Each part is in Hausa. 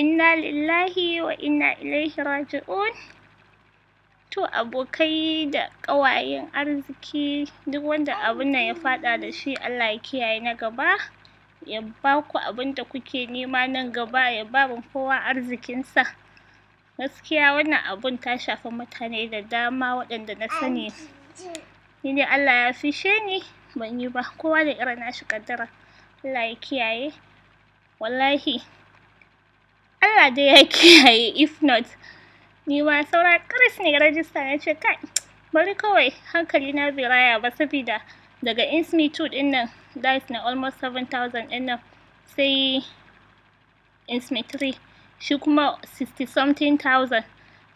inna lillahi wa inna ilaihi raji'un to abokai da ƙawayen arziki duk wanda abun nan ya faɗa da shi Allah ya kiyaye na gaba ya ba ku abin da kuke nema nan gaba ya ba mu kowa sa gaskiya wannan abun ta shafa mutane da dama waɗanda na sani ni ne Allah ya fishe ni ban yi ba kowa da irin nashi kaddara Allah ya kiyaye wallahi Allah dai ya kiyaye if not ni ma saura karas ne rajista na ce kai bari kawai hankali na bai raya ba saboda daga 2 din nan that na almost 7000 din nan sai insmi 3 shi kuma 60 something thousand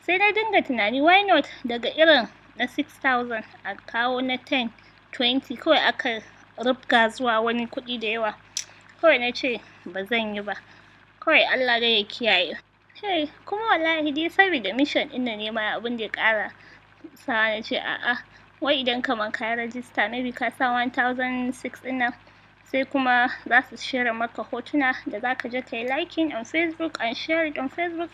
sai na dinga tunani why not daga irin na 6000 a kawo na 10 20 kawai aka rubga zuwa wani kuɗi da yawa kawai na ce ba zan yi ba kawai Allah dai ya kiyaye hey kuma wallahi dai saboda mission ɗin na ne ma abin da ya kara sa na ce a'a wai idan kamar ka yi rajista maybe ka sa 1006 ɗin nan sai kuma za su share maka hotuna da za ka je ka yi liking on facebook and share it on facebook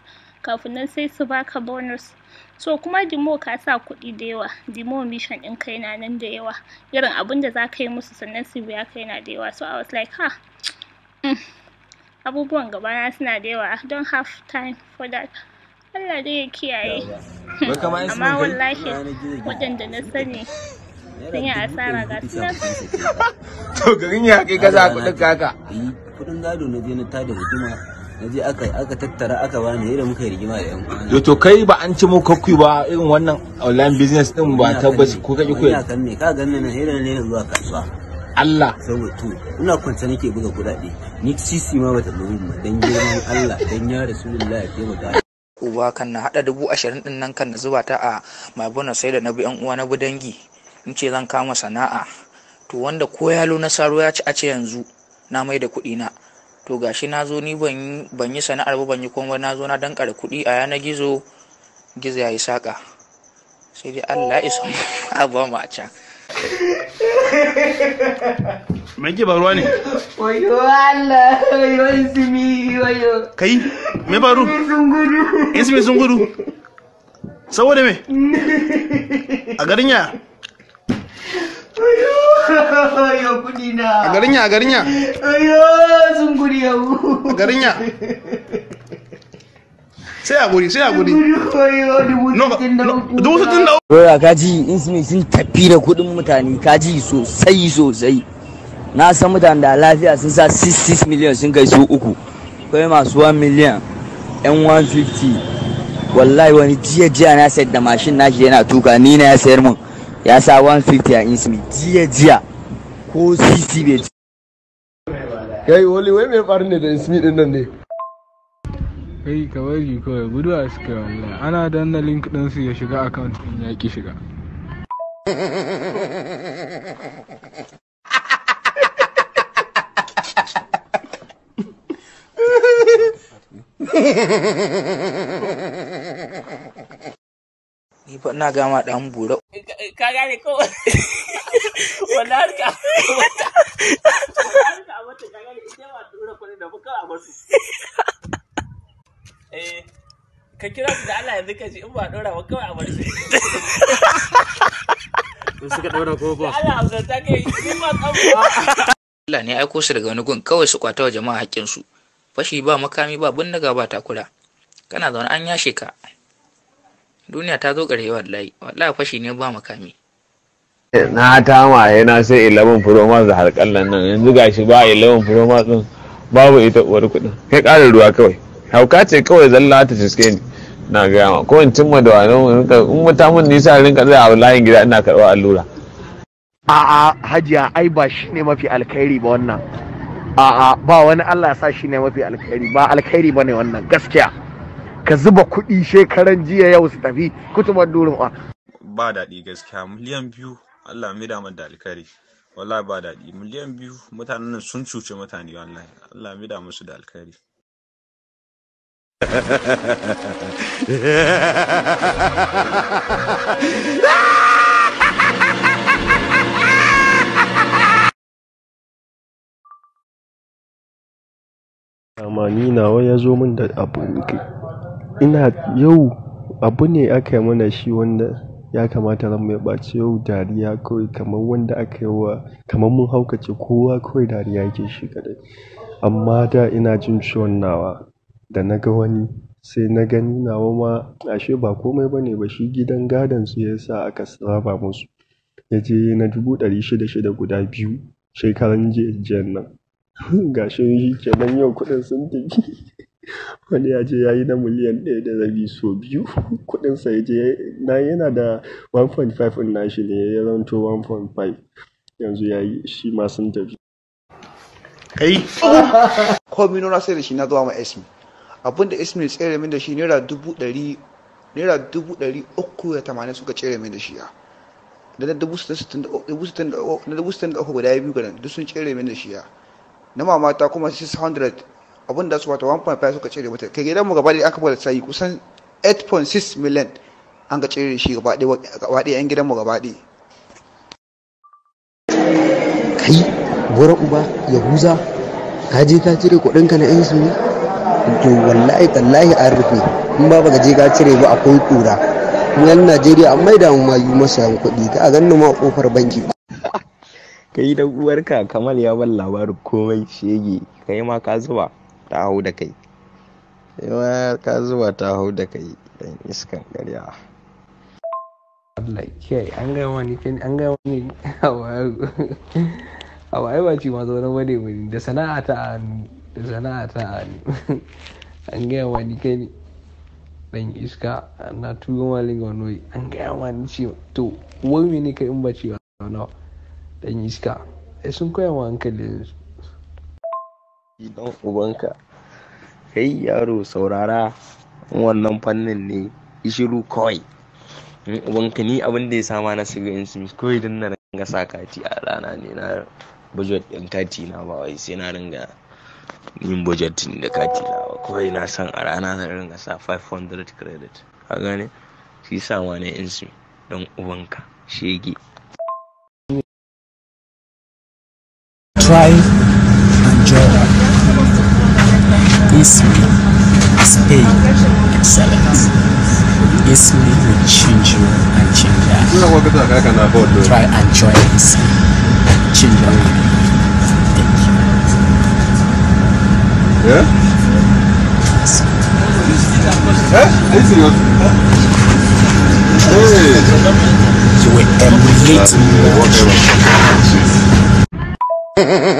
kafin nan sai su baka bonus so kuma dimo ka sa kuɗi da yawa dimo mission ɗin kai na nan da yawa irin abin da za ka yi musu sannan su biya kai na da yawa so i was like ha huh. Mm. abubuwan gabana suna da yawa I don't have time for that Allah dai ya kiyaye amma wallahi waɗanda na sani sun yi asara ga sunan to garin ya kai kasa kuɗin kaka eh, kuɗin gado na je na tada hukuma na je aka aka tattara aka bani yadda muka yi rigima da yan kwana to kai ba an ci mu kakkui ba irin wannan online business din ba tabbaci ko kake koyi ina kan ne ka ganni na yadda ne zuwa kasuwa Allah saboda to ina kwance nake buga kudade ni sisi ma bata lori ma dan girman Allah dan ya rasulullahi ya taimaka uba kan na hada dubu ashirin din nan kan na zuba ta a my sai da na bi yan uwa na budangi in ce zan kama sana'a to wanda ko yalo na saro ya ci a ce yanzu na mai da kuɗi na to gashi na zo ni ban yi sana'ar ba ban yi komai na zo na kare kuɗi a yanar gizo gizo ya yi saka sai dai allah ya isa abuwa ma a can mai ba ruwa ne wayo Allah wayo ismi wayo kai me baru ismi sun gudu saboda me a garin ya Ayo kudi na. A garin ya, a garin ya. Ayo sun yau. A garin ya. sai a guri sai a dubu sittin da uku roya kaji insmi sun tafi da kuɗin mutane kaji sosai sosai na san mutane da lafiya sun sa 66 miliyan sun kai su uku kai masu 1 miliyan yan 150 wallahi wani jiya jiya na sayar da mashin nashi yana tuka ni na ya sayar min ya sa 150 a insmi jiya jiya ko cc bai kai wali wai mai ɓarni da insmi din nan ne kai ka bari kawai guduwa suka ana danna link din ya shiga account din ya ki shiga ni fa gama dan bura ka gane ko wallahi ka wata ka wata ka gane ita ba dura kwana da bukar a wasu Eh, ka kira su da Allah yanzu ka ji in ba dora ba kawai a bar shi in suka dora ko ba Allah hausa ta kai ni ma tsamu Allah ne aiko su daga wani gun kawai su kwata wa jama'a haƙƙinsu. su fashi ba makami ba bindiga ba takura kana zaune an yashe ka duniya ta zo ƙarshe wallahi wallahi fashi ne ba makami eh, na tamaye na sai 11 pro max da harƙallan nan yanzu gashi ba 11 pro ma din babu ita uwar kuɗin kai ƙarin ruwa kawai hauka ce kawai zalla ta ciske ni na gaya ma ko in cimma da wani in muta mun nisa rinka zai a layin gida ina karɓar allura a'a hajiya ai ba shi ne mafi alkhairi ba wannan a'a ba wani allah sa shi ne mafi alkhairi ba alkhairi ba ne wannan gaskiya ka zuba kuɗi shekaran jiya yau su tafi kutumar durin ba daɗi gaskiya miliyan biyu allah mai damar da alkhairi wallahi ba daɗi miliyan biyu mutanen sun cuce mutane wallahi allah mai damar su da alkhairi Amani nawa ya zo min da abu ina yau abu ne aka yi mana shi wanda ya kamata ran mu ya ɓaci yau dariya kawai kamar wanda aka yi wa kamar mun haukace kowa kawai dariya yake shi kadai, amma da ina jin ciwon nawa da na ga wani, sai na gani nawa ma ashe ba ba ne ba shi gidan gadon su ya sa aka raba musu. Ya je na dubu ɗari shida shida guda biyu shekaran jiya jiyan nan. ga shi kenan yau kuɗin sun tafi. Wani ya je ya yi na miliyan ɗaya da rabi sau biyu. Kuɗinsa ya je na yana da 1.5 ɗin nashi ne ya zamanto 1.5. Yanzu ya yi shi ma sun tafi. Ko Komi nuna sai da shi na zuwa ma esmi. abinda ismail tsere min da shi naira dubu ɗari uku da tamanin suka tsere min da shi ya da na dubu sittin da uku guda biyu ganin duk sun tsere min da shi ya na mamata kuma 600 abinda su wata 1.5 suka tsere mata kai gidan mu gaba da aka bada sayi kusan 8.6 million an ga tsere shi gaba da yan gidan mu gaba da kai gora uba yahuza ka je ka cire ka na yan su ne to wallahi tallahi an rufe in ba ga je ka cire ba akwai kura mu yan Najeriya an maida mu masa yan kuɗi ka ganni ma kofar banki kai da uwarka kamal ya ban labarin komai shege kai ma ka zuba ta hau da kai yawa ka zuba ta hau da kai dan iskan ƙarya an ga wani an ga wani a wayo a wayo ba ce ma zaune da sana'a ta hannu sana'a ta ne an gaya wa ni kai ne dan iska na tuyo ma linga wani an gaya wa ni ce to wai me ne kai in ba wa na dan iska eh sun koya wa hankali yanzu idan ubanka kai yaro saurara wannan fannin ne ishiru kawai ubanka ni abin da ya sama na siga in sun kawai don na ringa sa kati a rana ne na bujot ɗin kati na ba wai sai na ringa yin budgeting da kati nawa kawai na san a rana zan ringa sa 500 credit ka gane shi sa wani don shege try and joy is me is a excellence is me will change you and change us try Yeah? Eh? Are you serious? Hey. You were emulating me. Whatever.